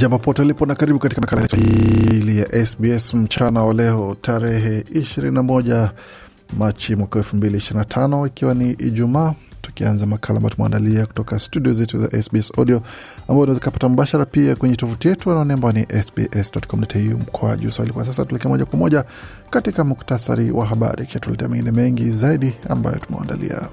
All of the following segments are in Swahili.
Jambo pote lipo na karibu katika makala hili ya SBS mchana wa leo tarehe 21 Machi mwaka 2025 ikiwa ni Ijumaa, tukianza makala ambayo tumeandalia kutoka studio zetu za SBS Audio ambao unaweza kupata mbashara pia kwenye tovuti yetu anaone ambao ni sbs.com.au mkoa juu swahili Kwa sasa tuelekea moja kwa moja katika muktasari wa habari, ikituletea mengine mengi zaidi ambayo tumeandalia.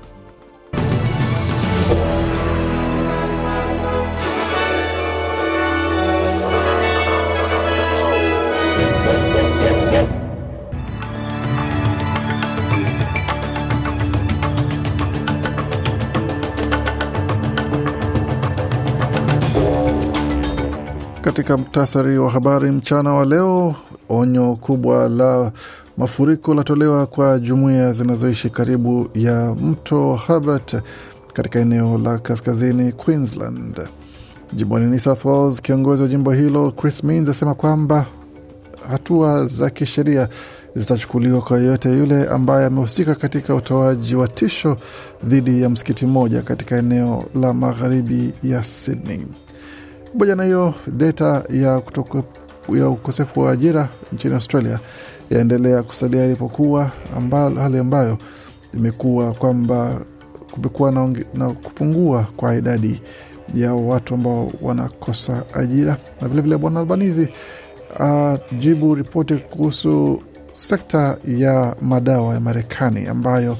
katika mktasari wa habari mchana wa leo, onyo kubwa la mafuriko latolewa kwa jumuiya zinazoishi karibu ya mto Herbert katika eneo la kaskazini Queensland. Jimboni New South Wales, kiongozi wa jimbo hilo Chris Minns asema kwamba hatua za kisheria zitachukuliwa kwa yeyote yule ambaye amehusika katika utoaji wa tisho dhidi ya msikiti mmoja katika eneo la magharibi ya Sydney. Pamoja na hiyo, data ya ya ukosefu wa ajira nchini Australia yaendelea kusalia ilipokuwa, hali ambayo imekuwa kwamba kumekuwa na, na kupungua kwa idadi ya watu ambao wanakosa ajira, na vilevile Bwana Albanizi ajibu ah, uh, ripoti kuhusu sekta ya madawa ya Marekani ambayo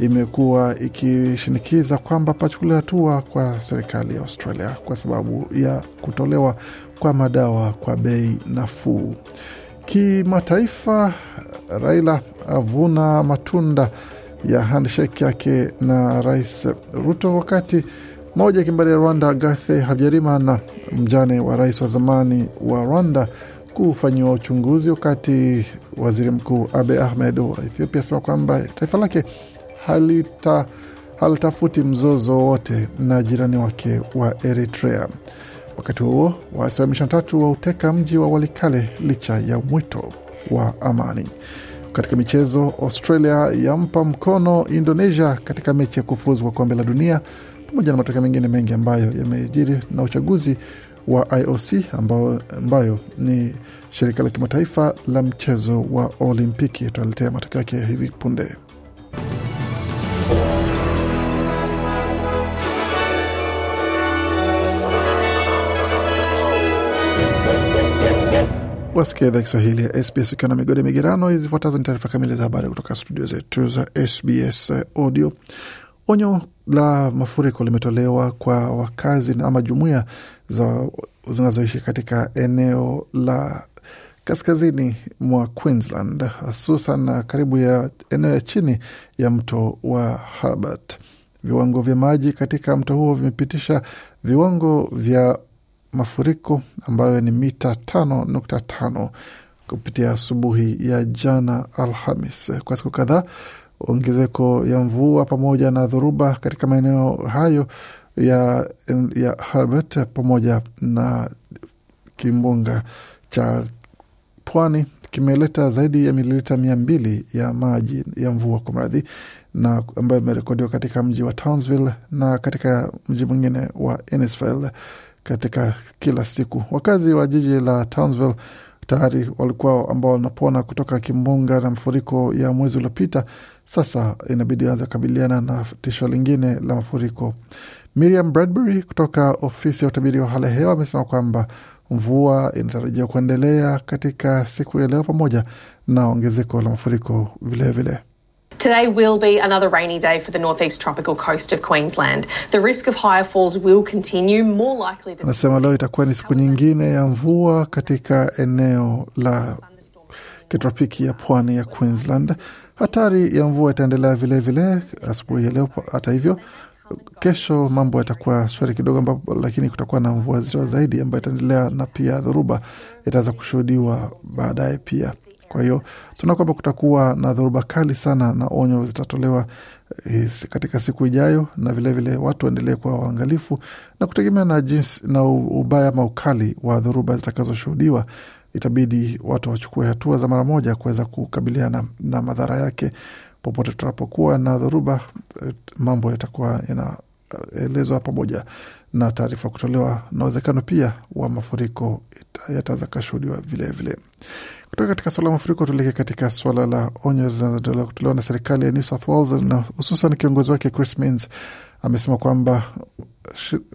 imekuwa ikishinikiza kwamba pachukuli hatua kwa serikali ya Australia kwa sababu ya kutolewa kwa madawa kwa bei nafuu. Kimataifa, Raila avuna matunda ya handshake yake na Rais Ruto, wakati moja kimbari ya Rwanda Gathe Habyarimana, mjane wa rais wa zamani wa Rwanda, kufanyiwa uchunguzi, wakati waziri mkuu Abe Ahmed wa Ethiopia asema kwamba taifa lake halita halitafuti mzozo wowote na jirani wake wa Eritrea. Wakati huo waasi wa M23 wauteka mji wa Walikale licha ya mwito wa amani. Katika michezo, Australia yampa mkono Indonesia katika mechi ya kufuzu kwa kombe la dunia, pamoja na matokeo mengine mengi ambayo yamejiri na uchaguzi wa IOC ambayo, ambayo ni shirika la kimataifa la mchezo wa Olimpiki. Tutaletea matokeo yake hivi punde. Karibu sikia idhaa Kiswahili ya SBS ukiwa na migode migerano. Zifuatazo ni taarifa kamili za habari kutoka studio zetu za SBS Audio. Onyo la mafuriko limetolewa kwa wakazi ama jumuia zinazoishi katika eneo la kaskazini mwa Queensland, hususan na karibu ya eneo ya chini ya mto wa Hobart. Viwango vya maji katika mto huo vimepitisha viwango vya mafuriko ambayo ni mita tano nukta tano kupitia asubuhi ya jana Alhamis. Kwa siku kadhaa, ongezeko ya mvua pamoja na dhoruba katika maeneo hayo ya, ya Herbert pamoja na kimbunga cha pwani kimeleta zaidi ya mililita mia mbili ya maji ya mvua kwa mradhi na ambayo imerekodiwa katika mji wa Townsville na katika mji mwingine wa Innisfail katika kila siku. Wakazi wa jiji la Townsville tayari walikuwa ambao wanapona kutoka kimbunga na mafuriko ya mwezi uliopita, sasa inabidi anza kukabiliana na tisho lingine la mafuriko. Miriam Bradbury kutoka ofisi ya utabiri wa hali ya hewa amesema kwamba mvua inatarajiwa kuendelea katika siku ya leo pamoja na ongezeko la mafuriko vilevile vile. Today will be another rainy day for the northeast tropical coast of Queensland. The risk of higher falls will continue more likely this Anasema leo itakuwa ni siku nyingine ya mvua katika eneo la kitropiki ya pwani ya Queensland. Hatari ya mvua itaendelea vilevile asubuhi ya leo. Hata hivyo, kesho mambo yatakuwa shwari kidogo, ambapo lakini kutakuwa na mvua zito zaidi ambayo itaendelea na pia dhoruba itaweza kushuhudiwa baadaye pia. Kwa hiyo tunaona kwamba kutakuwa na dhoruba kali sana na onyo zitatolewa eh, katika siku ijayo, na vilevile vile watu waendelee kuwa waangalifu na kutegemea na jinsi na ubaya ama ukali wa dhoruba zitakazoshuhudiwa itabidi watu wachukue hatua za mara moja kuweza kukabiliana na madhara yake. Popote tutapokuwa na dhoruba, eh, mambo yatakuwa yanaelezwa pamoja na taarifa kutolewa, na uwezekano pia wa mafuriko yataweza kashuhudiwa vilevile. Kutoka katika swala la mafuriko, tuelekee katika suala la onyo linaloendelea kutolewa na serikali ya New South Wales na hususan kiongozi wake Chris Minns amesema kwamba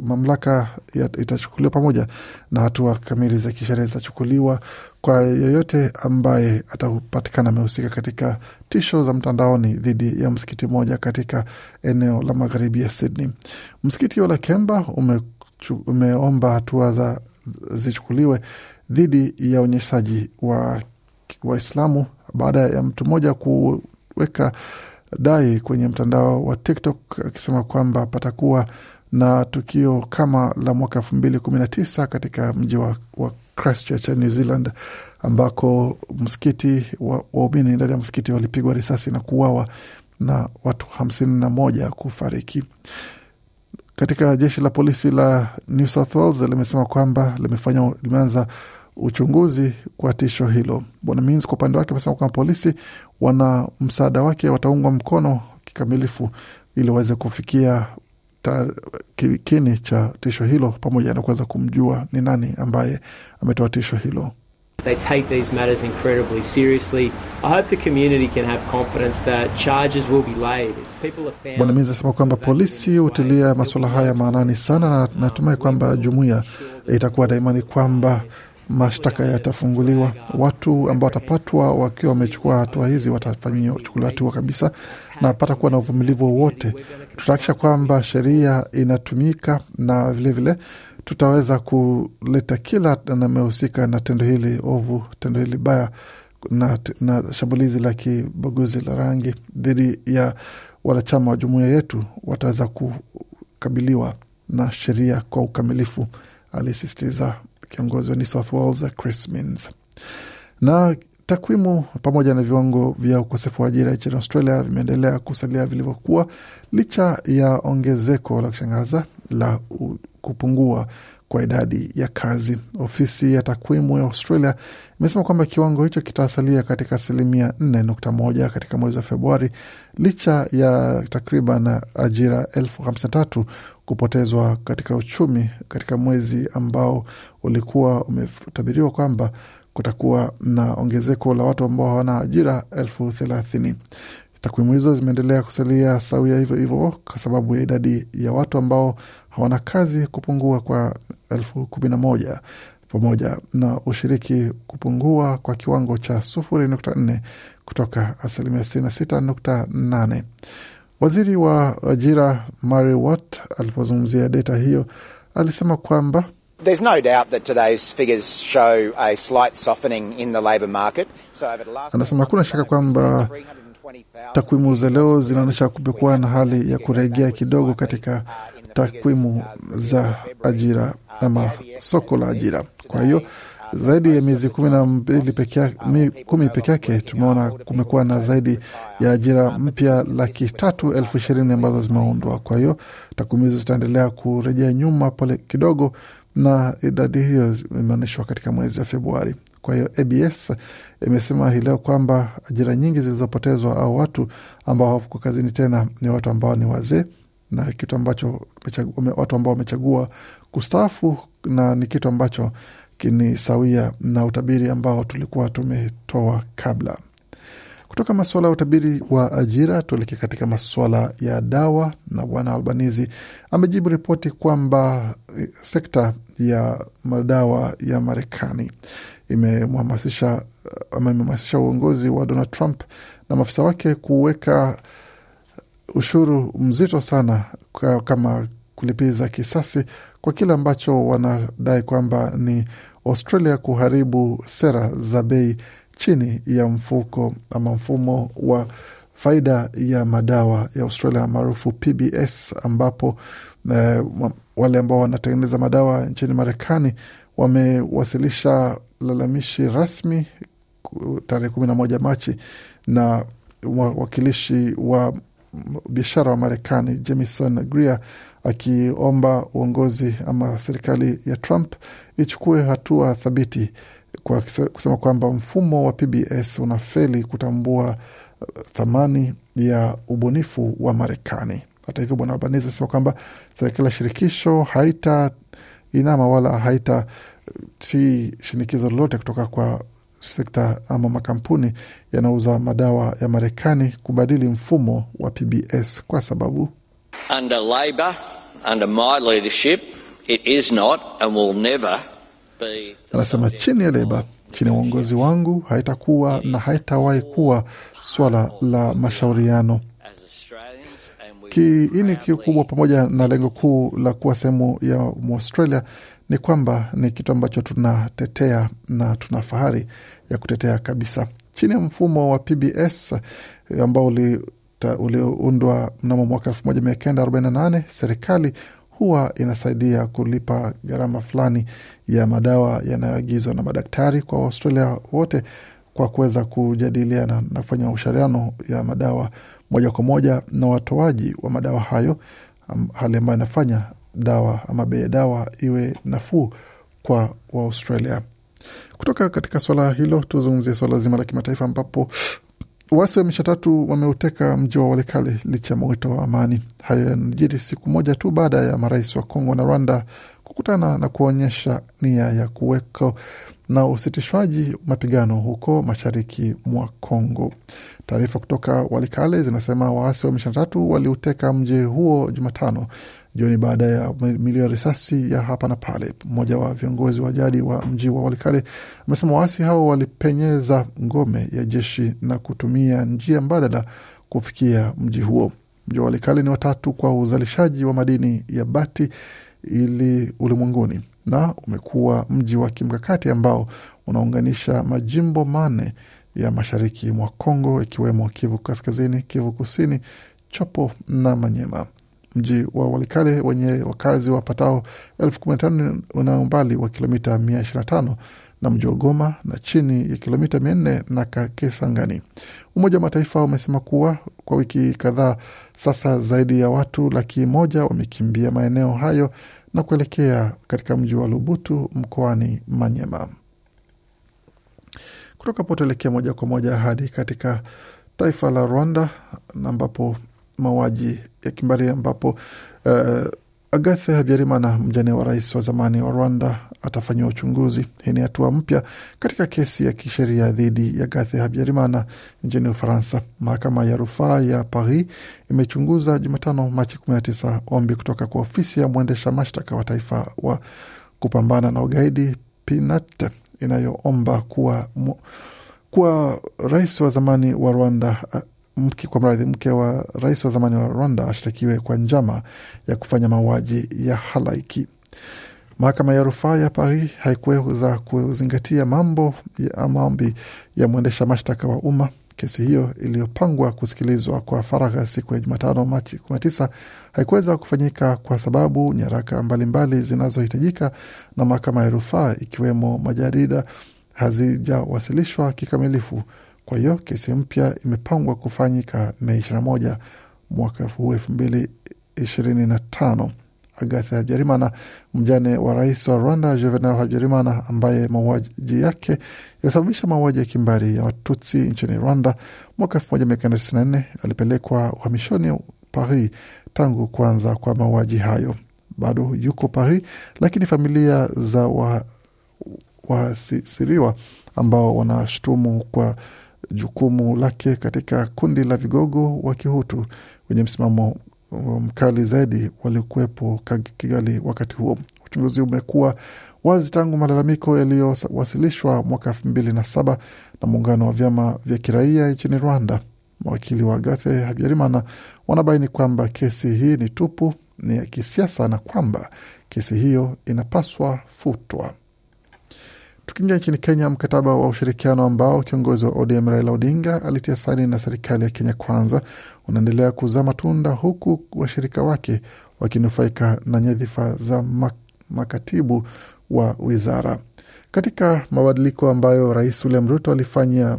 mamlaka itachukuliwa pamoja na hatua kamili za kisheria zitachukuliwa kwa yeyote ambaye atapatikana amehusika katika tisho za mtandaoni dhidi ya msikiti mmoja katika eneo la magharibi ya Sydney. Msikiti wa Lakemba ume, umeomba hatua za zichukuliwe dhidi ya unyenyesaji wa Waislamu baada ya mtu mmoja kuweka dai kwenye mtandao wa TikTok akisema kwamba patakuwa na tukio kama la mwaka elfu mbili kumi na tisa katika mji wa, wa Christchurch New Zealand ambako msikiti waumini wa ndani ya msikiti walipigwa risasi na kuuawa na watu hamsini na moja kufariki. Katika jeshi la polisi la New South Wales limesema kwamba limefanya limeanza uchunguzi kwa tisho hilo. Bwana Minns kwa upande wake amesema kwamba polisi wana msaada wake wataungwa mkono kikamilifu ili waweze kufikia kini cha tisho hilo pamoja na kuweza kumjua ni nani ambaye ametoa tisho hilo. They take these matters incredibly seriously. I hope the community can have confidence that charges will be laid. Bwana Mizi asema kwamba polisi hutilia masuala haya maanani sana, na natumai kwamba jumuiya itakuwa na imani kwamba mashtaka yatafunguliwa. Watu ambao watapatwa wakiwa wamechukua hatua hizi watafanyia chukuliwa hatua kabisa, na pata kuwa na uvumilivu wowote. Tutahakisha kwamba sheria inatumika na vilevile vile, tutaweza kuleta kila anamehusika na tendo hili ovu, tendo hili baya na, na shambulizi la kibaguzi la rangi dhidi ya wanachama wa jumuiya yetu wataweza kukabiliwa na sheria kwa ukamilifu, alisisitiza kiongozi wa New South Wales Chris Minns. Na takwimu pamoja na viwango vya ukosefu wa ajira nchini Australia vimeendelea kusalia vilivyokuwa licha ya ongezeko la kushangaza la kupungua kwa idadi ya kazi. Ofisi ya takwimu ya Australia imesema kwamba kiwango hicho kitasalia katika asilimia 4.1 katika mwezi wa Februari, licha ya takriban ajira elfu 53 kupotezwa katika uchumi katika mwezi ambao ulikuwa umetabiriwa kwamba kutakuwa na ongezeko la watu ambao hawana ajira elfu 30. Takwimu hizo zimeendelea kusalia sawia hivyo hivyo kwa sababu ya idadi ya watu ambao hawana kazi kupungua kwa elfu kumi na moja pamoja na ushiriki kupungua kwa kiwango cha sufuri nukta nne kutoka asilimia sitini na sita nukta nane. Waziri wa ajira Mary Watt alipozungumzia data hiyo alisema kwamba anasema hakuna shaka kwamba Takwimu za leo zinaonyesha kumekuwa na hali ya kuregea kidogo katika uh, takwimu uh, za ajira ama soko la ajira. Kwa hiyo zaidi ya miezi kumi na mbili kumi peke yake tumeona kumekuwa na zaidi ya ajira mpya laki tatu elfu ishirini ambazo zimeundwa. Kwa hiyo takwimu hizo zitaendelea kurejea nyuma pole kidogo, na idadi hiyo imeonyeshwa katika mwezi wa Februari. Kwa hiyo ABS imesema hii leo kwamba ajira nyingi zilizopotezwa au watu ambao hawako kazini tena ni watu ambao ni wazee na kitu ambacho watu ambao wamechagua kustaafu, na ni kitu ambacho kini sawia na utabiri ambao tulikuwa tumetoa kabla. Kutoka masuala ya utabiri wa ajira tuelekee katika masuala ya dawa, na Bwana Albanizi amejibu ripoti kwamba eh, sekta ya madawa ya Marekani imemhamasisha ama imehamasisha uongozi wa Donald Trump na maafisa wake kuweka ushuru mzito sana kwa, kama kulipiza kisasi kwa kile ambacho wanadai kwamba ni Australia kuharibu sera za bei chini ya mfuko ama mfumo wa faida ya madawa ya Australia maarufu PBS ambapo wale ambao wanatengeneza madawa nchini Marekani wamewasilisha lalamishi rasmi tarehe kumi na moja Machi na wawakilishi wa biashara wa Marekani Jamison Greer akiomba uongozi ama serikali ya Trump ichukue hatua thabiti kwa kusema kwamba mfumo wa PBS unafeli kutambua uh, thamani ya ubunifu wa Marekani. Hata hivyo, bwana Albanese amesema kwamba serikali ya shirikisho haita inama wala haita si shinikizo lolote kutoka kwa sekta ama makampuni yanauza madawa ya Marekani kubadili mfumo wa PBS kwa sababu under Labor, under my leadership, it is not and will never be. Anasema chini ya Leba, chini ya uongozi wangu haitakuwa na haitawahi kuwa swala la mashauriano hii ni kikubwa, pamoja na lengo kuu la kuwa sehemu ya Australia ni kwamba ni kitu ambacho tunatetea na tuna fahari ya kutetea kabisa. Chini ya mfumo wa PBS eh, ambao uliundwa mnamo mwaka nane serikali huwa inasaidia kulipa gharama fulani ya madawa yanayoagizwa na madaktari kwa Waustralia wote kwa kuweza kujadiliana na kufanya ushauriano ya madawa moja kwa moja na watoaji wa madawa hayo, hali ambayo inafanya dawa ama bei ya dawa iwe nafuu kwa Waaustralia. Kutoka katika swala hilo, tuzungumzie swala zima la kimataifa ambapo waasi wa M23 wameuteka mji wa Walikale licha ya mwito wa amani. Hayo yanajiri siku moja tu baada ya marais wa Kongo na Rwanda kukutana na kuonyesha nia ya kuweko na usitishwaji mapigano huko mashariki mwa Kongo. Taarifa kutoka Walikale zinasema waasi wa M23 waliuteka mji huo Jumatano jioni baada ya milio ya risasi ya hapa na pale. Mmoja wa viongozi wa jadi wa mji wa Walikale amesema waasi hao walipenyeza ngome ya jeshi na kutumia njia mbadala kufikia mji huo. Mji wa Walikale ni watatu kwa uzalishaji wa madini ya bati ili ulimwenguni na umekuwa mji wa kimkakati ambao unaunganisha majimbo manne ya mashariki mwa Kongo ikiwemo Kivu Kaskazini, Kivu Kusini, Chopo na Manyema. Mji wa Walikale wenye wakazi patao elfu kumi na tano una umbali wa kilomita mia na tano na mji wa Goma na chini ya kilomita mia nne na Kisangani. Umoja wa Mataifa umesema kuwa kwa wiki kadhaa sasa. Zaidi ya watu laki moja wamekimbia maeneo hayo na kuelekea katika mji wa Lubutu mkoani Manyema. Kutoka hapo tuelekea moja kwa moja hadi katika taifa la Rwanda ambapo mauaji ya kimbari ambapo uh, Agathe Habyarimana, mjane wa rais wa zamani wa Rwanda, atafanyiwa uchunguzi. Hii ni hatua mpya katika kesi ya kisheria dhidi ya Agathe Habyarimana nchini Ufaransa. Mahakama ya rufaa ya Paris imechunguza Jumatano, Machi 19 ombi kutoka kwa ofisi ya mwendesha mashtaka wa taifa wa kupambana na ugaidi Pinate inayoomba kuwa, kuwa rais wa zamani wa Rwanda mke kwa mradhi mke wa rais wa zamani wa Rwanda ashtakiwe kwa njama ya kufanya mauaji ya halaiki. Mahakama ya rufaa ya Paris haikuweza kuzingatia mambo ya maombi ya mwendesha mashtaka wa umma. Kesi hiyo iliyopangwa kusikilizwa kwa faragha siku ya Jumatano, Machi 19 haikuweza kufanyika kwa sababu nyaraka mbalimbali zinazohitajika na mahakama ya rufaa ikiwemo majarida hazijawasilishwa kikamilifu kwa hiyo kesi mpya imepangwa kufanyika Mei 21 mwaka huu elfu mbili ishirini na tano. Agatha Habyarimana, mjane wa rais wa Rwanda Juvenal Habyarimana, ambaye mauaji yake yalisababisha mauaji ya kimbari ya Watutsi nchini Rwanda mwaka nne, alipelekwa uhamishoni Paris tangu kuanza kwa mauaji hayo. Bado yuko Paris, lakini familia za wahasiriwa wa ambao wanashtumu kwa jukumu lake katika kundi la vigogo wa Kihutu wenye msimamo um, mkali zaidi waliokuwepo Kigali wakati huo. Uchunguzi umekuwa wazi tangu malalamiko yaliyowasilishwa mwaka elfu mbili na saba na muungano wa vyama vya kiraia nchini Rwanda. Mawakili wa Agathe Habyarimana wanabaini kwamba kesi hii ni tupu, ni ya kisiasa na kwamba kesi hiyo inapaswa futwa. Tukiingia nchini Kenya, mkataba wa ushirikiano ambao kiongozi wa ODM Raila Odinga alitia saini na serikali ya Kenya Kwanza unaendelea kuzaa matunda, huku washirika wake wakinufaika na nyadhifa za makatibu wa wizara. Katika mabadiliko ambayo Rais William Ruto alifanyia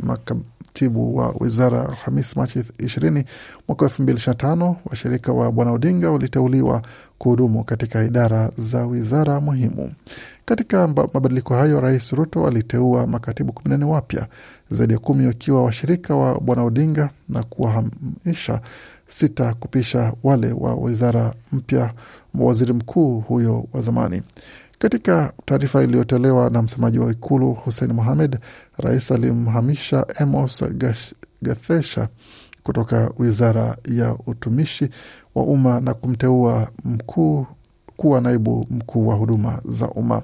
katibu wa wizara Alhamis Machi ishirini mwaka elfu mbili ishirini na tano. Washirika wa bwana Odinga waliteuliwa kuhudumu katika idara za wizara muhimu. Katika mabadiliko hayo, Rais Ruto aliteua makatibu kumi na nne wapya, zaidi ya kumi wakiwa washirika wa bwana Odinga na kuwahamisha sita kupisha wale wa wizara mpya waziri mkuu huyo wa zamani. Katika taarifa iliyotolewa na msemaji wa ikulu Hussein Mohamed, rais alimhamisha Amos Gathesha kutoka wizara ya utumishi wa umma na kumteua mkuu kuwa naibu mkuu wa huduma za umma.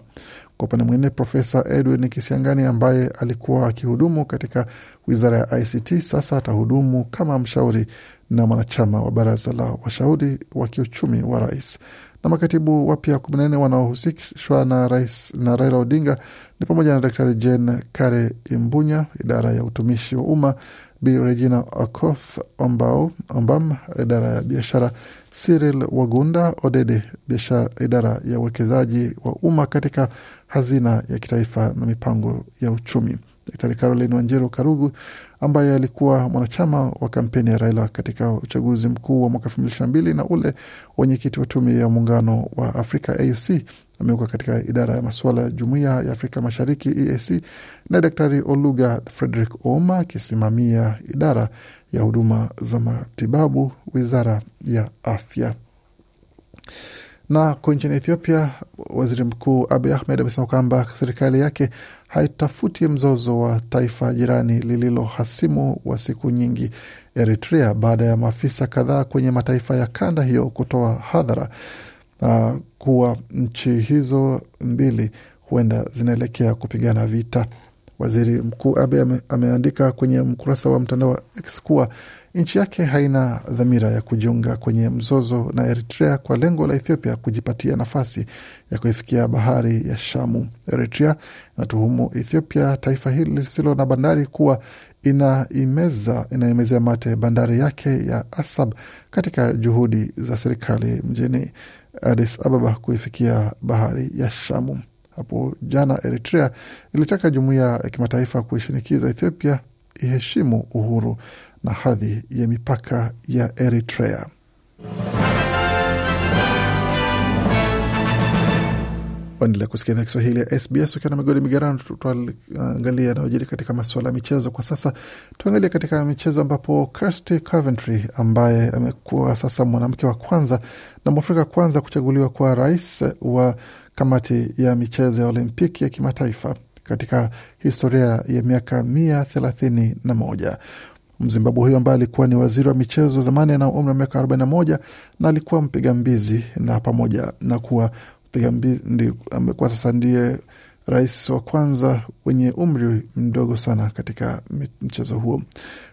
Kwa upande mwingine, Profesa Edwin Kisiangani ambaye alikuwa akihudumu katika wizara ya ICT sasa atahudumu kama mshauri na mwanachama wa baraza la washauri wa kiuchumi wa rais na makatibu wapya kumi na nne wanaohusishwa na rais na Raila Odinga ni pamoja na Daktari Jane Kare Imbunya, idara ya utumishi wa umma, Bi Regina Okoth Ombao, Ombam, idara ya biashara, Cyril Wagunda Odede, biashara, idara ya uwekezaji wa umma katika hazina ya kitaifa na mipango ya uchumi. Daktari Caroline Wanjiru Karugu ambaye alikuwa mwanachama wa kampeni ya Raila katika uchaguzi mkuu wa mwaka elfu mbili ishirini na mbili na ule wenyekiti wa tume ya muungano wa Afrika AUC amewekwa katika idara ya masuala ya jumuiya ya Afrika Mashariki EAC, na Daktari Oluga Frederick Ouma akisimamia idara ya huduma za matibabu wizara ya afya. Na kwa nchini Ethiopia, waziri mkuu Abiy Ahmed amesema kwamba serikali yake haitafuti mzozo wa taifa jirani lililo hasimu wa siku nyingi Eritrea baada ya maafisa kadhaa kwenye mataifa ya kanda hiyo kutoa hadhara uh, kuwa nchi hizo mbili huenda zinaelekea kupigana vita. Waziri Mkuu Abe ame, ameandika kwenye mkurasa wa mtandao wa X kuwa Nchi yake haina dhamira ya kujiunga kwenye mzozo na Eritrea kwa lengo la Ethiopia kujipatia nafasi ya kuifikia bahari ya Shamu. Eritrea inatuhumu Ethiopia, taifa hili lisilo na bandari, kuwa inaimeza inaimezea mate bandari yake ya Asab katika juhudi za serikali mjini adis Ababa kuifikia bahari ya Shamu. Hapo jana Eritrea ilitaka jumuiya ya kimataifa kuishinikiza Ethiopia iheshimu uhuru na hadhi ya mipaka ya Eritrea. Waendelea kusikia idhaa Kiswahili ya SBS ukiwa na migodi migerano. Tuangalia yanayojiri katika masuala ya michezo kwa sasa. tuangalia katika michezo ambapo Kirsty Coventry ambaye amekuwa sasa mwanamke wa kwanza na mwafrika kwanza kuchaguliwa kuwa rais wa kamati ya michezo ya Olimpiki ya kimataifa katika historia ya miaka mia thelathini na moja. Mzimbabwe huyo ambaye alikuwa ni waziri wa michezo zamani na umri wa miaka 41 na alikuwa mpiga mbizi na pamoja na kuwa mpiga mbizi, amekuwa sasa ndiye rais wa kwanza wenye umri mdogo sana katika mchezo huo.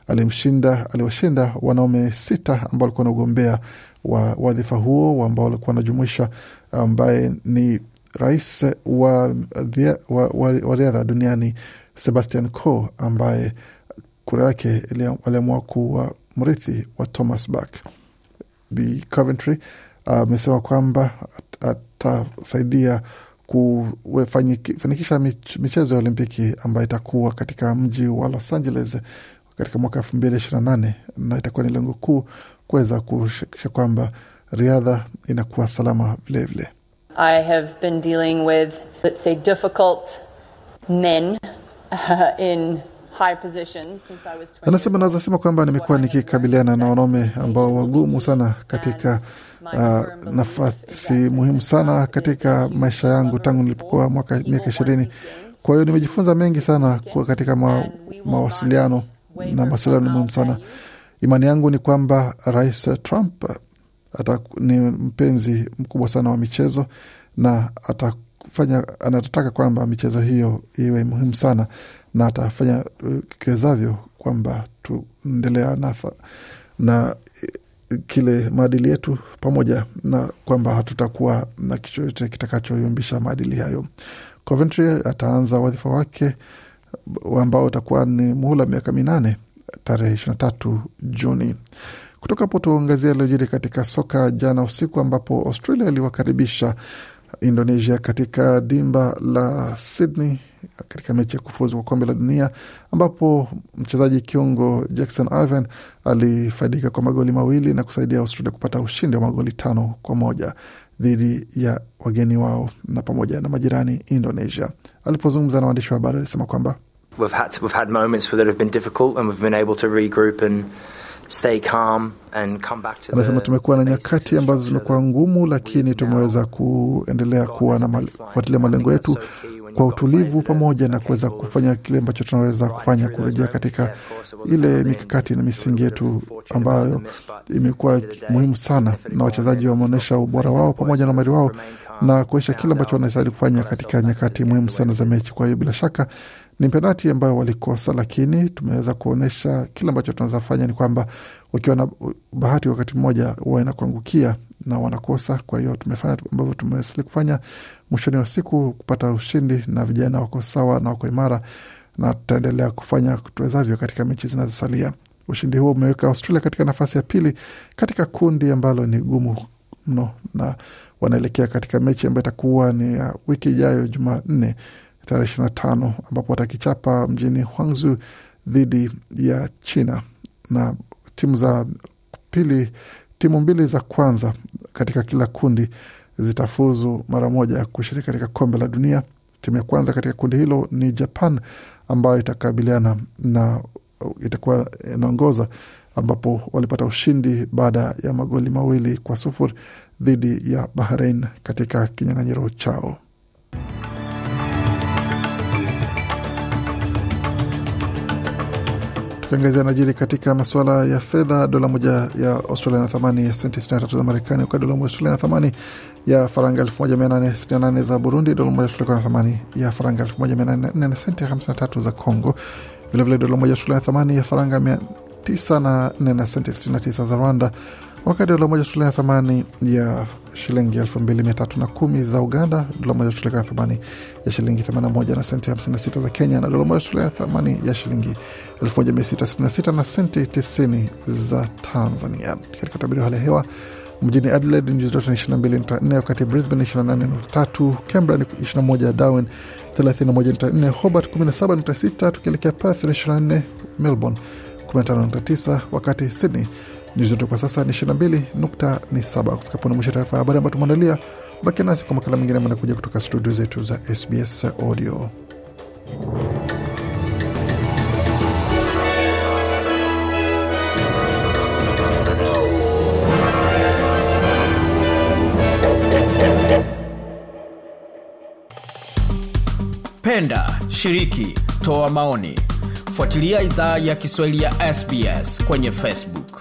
Alimshinda, aliwashinda wanaume sita ambao walikuwa ugombea wa wadhifa huo ambao walikuwa wanajumuisha ambaye ni rais wa, wa, wa, wa riadha duniani Sebastian Coe ambaye kura yake waliamua kuwa mrithi wa Thomas Bach. Bi Coventry ah, amesema uh, kwamba atasaidia kufanikisha michezo ya Olimpiki ambayo itakuwa katika mji wa Los Angeles katika mwaka elfu mbili ishirini na nane na itakuwa ni lengo kuu kuweza kuhakikisha kwamba riadha inakuwa salama vilevile. I have been dealing with let's say difficult men uh, in Anasema naweza kwamba nimekuwa nikikabiliana na wanaume ambao wagumu sana katika uh, nafasi muhimu sana katika maisha yangu tangu nilipokuwa mwaka miaka ishirini. Kwa hiyo nimejifunza mengi sana kwa katika ma, mawasiliano na mawasiliano ni muhimu sana. Imani yangu ni kwamba Rais Trump ata, ni mpenzi mkubwa sana wa michezo na atafanya anataka kwamba michezo hiyo iwe muhimu sana na atafanya uh, kiwezavyo kwamba tuendelea na, na eh, kile maadili yetu pamoja na kwamba hatutakuwa na kichochote kitakachoyumbisha maadili hayo. Coventry ataanza wadhifa wake ambao utakuwa ni muhula miaka minane tarehe tatu Juni. Kutoka hapo tuangazia yaliyojiri katika soka jana usiku, ambapo Australia iliwakaribisha Indonesia katika dimba la Sydney katika mechi ya kufuzu kwa kombe la dunia ambapo mchezaji kiungo Jackson Irvine alifaidika kwa magoli mawili na kusaidia Australia kupata ushindi wa magoli tano kwa moja dhidi ya wageni wao na pamoja na majirani Indonesia. Alipozungumza na waandishi wa habari alisema kwamba we've had, we've had moments that have been difficult and we've been able to regroup and Anasema tumekuwa na nyakati ambazo zimekuwa ngumu, lakini tumeweza kuendelea kuwa na kufuatilia malengo yetu kwa utulivu, pamoja na kuweza kufanya kile ambacho tunaweza kufanya, kurejea katika ile mikakati na misingi yetu ambayo imekuwa muhimu sana, na wachezaji wameonyesha ubora wao pamoja na mari wao na kuonyesha kile ambacho wanastahili kufanya katika nyakati muhimu sana za mechi. Kwa hiyo bila shaka ni penati ambayo walikosa, lakini tumeweza kuonyesha kile ambacho tunaweza fanya. Ni kwamba wakiwa na bahati wakati mmoja huwa inakuangukia na wanakosa. Kwa hiyo tumefanya ambavyo tumewasili kufanya, mwishoni wa siku kupata ushindi, na vijana wako sawa na wako imara, na tutaendelea kufanya tuwezavyo katika mechi zinazosalia. Ushindi huo umeweka Australia katika nafasi ya pili katika kundi ambalo ni gumu mno, na wanaelekea katika mechi ambayo itakuwa ni ya wiki ijayo Jumanne tarehe ishirini na tano ambapo watakichapa mjini Hwangzu dhidi ya China na timu za pili, timu mbili za kwanza katika kila kundi zitafuzu mara moja kushiriki katika kombe la dunia. Timu ya kwanza katika kundi hilo ni Japan ambayo itakabiliana na itakuwa inaongoza, ambapo walipata ushindi baada ya magoli mawili kwa sufuri dhidi ya Bahrain katika kinyang'anyiro chao. Tukiangazia najiri katika masuala ya fedha, dola moja ya Australia na thamani ya senti 63 za Marekani, wakati dola moja Australia na thamani ya faranga 1868 za Burundi. Dola moja Australia na thamani ya faranga 1844 na senti 53 za Congo. Vilevile dola moja Australia na thamani ya faranga 904 na senti 69 za Rwanda, wakati dola moja Australia na thamani ya shilingi 2310 za Uganda, dola moja kutoka thamani ya shilingi 81 na senti 56 za Kenya, na dola moja kutoka thamani ya shilingi 1666 na senti 90 za Tanzania. Katika tabiri hali ya hewa mjini Adelaide nyuzi joto ni 22.4, wakati Brisbane 28.3, Canberra ni 21, Darwin 31.4, Hobart 17.6, tukielekea Perth 24, Melbourne 15.9, wakati Sydney Nyuzi joto kwa sasa ni 22.7 kufika pone mwisho taarifa ya habari ambayo tumeandalia. baki nasi kwa makala mengine manakuja kutoka studio zetu za SBS Audio. Penda, shiriki, toa maoni. Fuatilia idhaa ya Kiswahili ya SBS kwenye Facebook.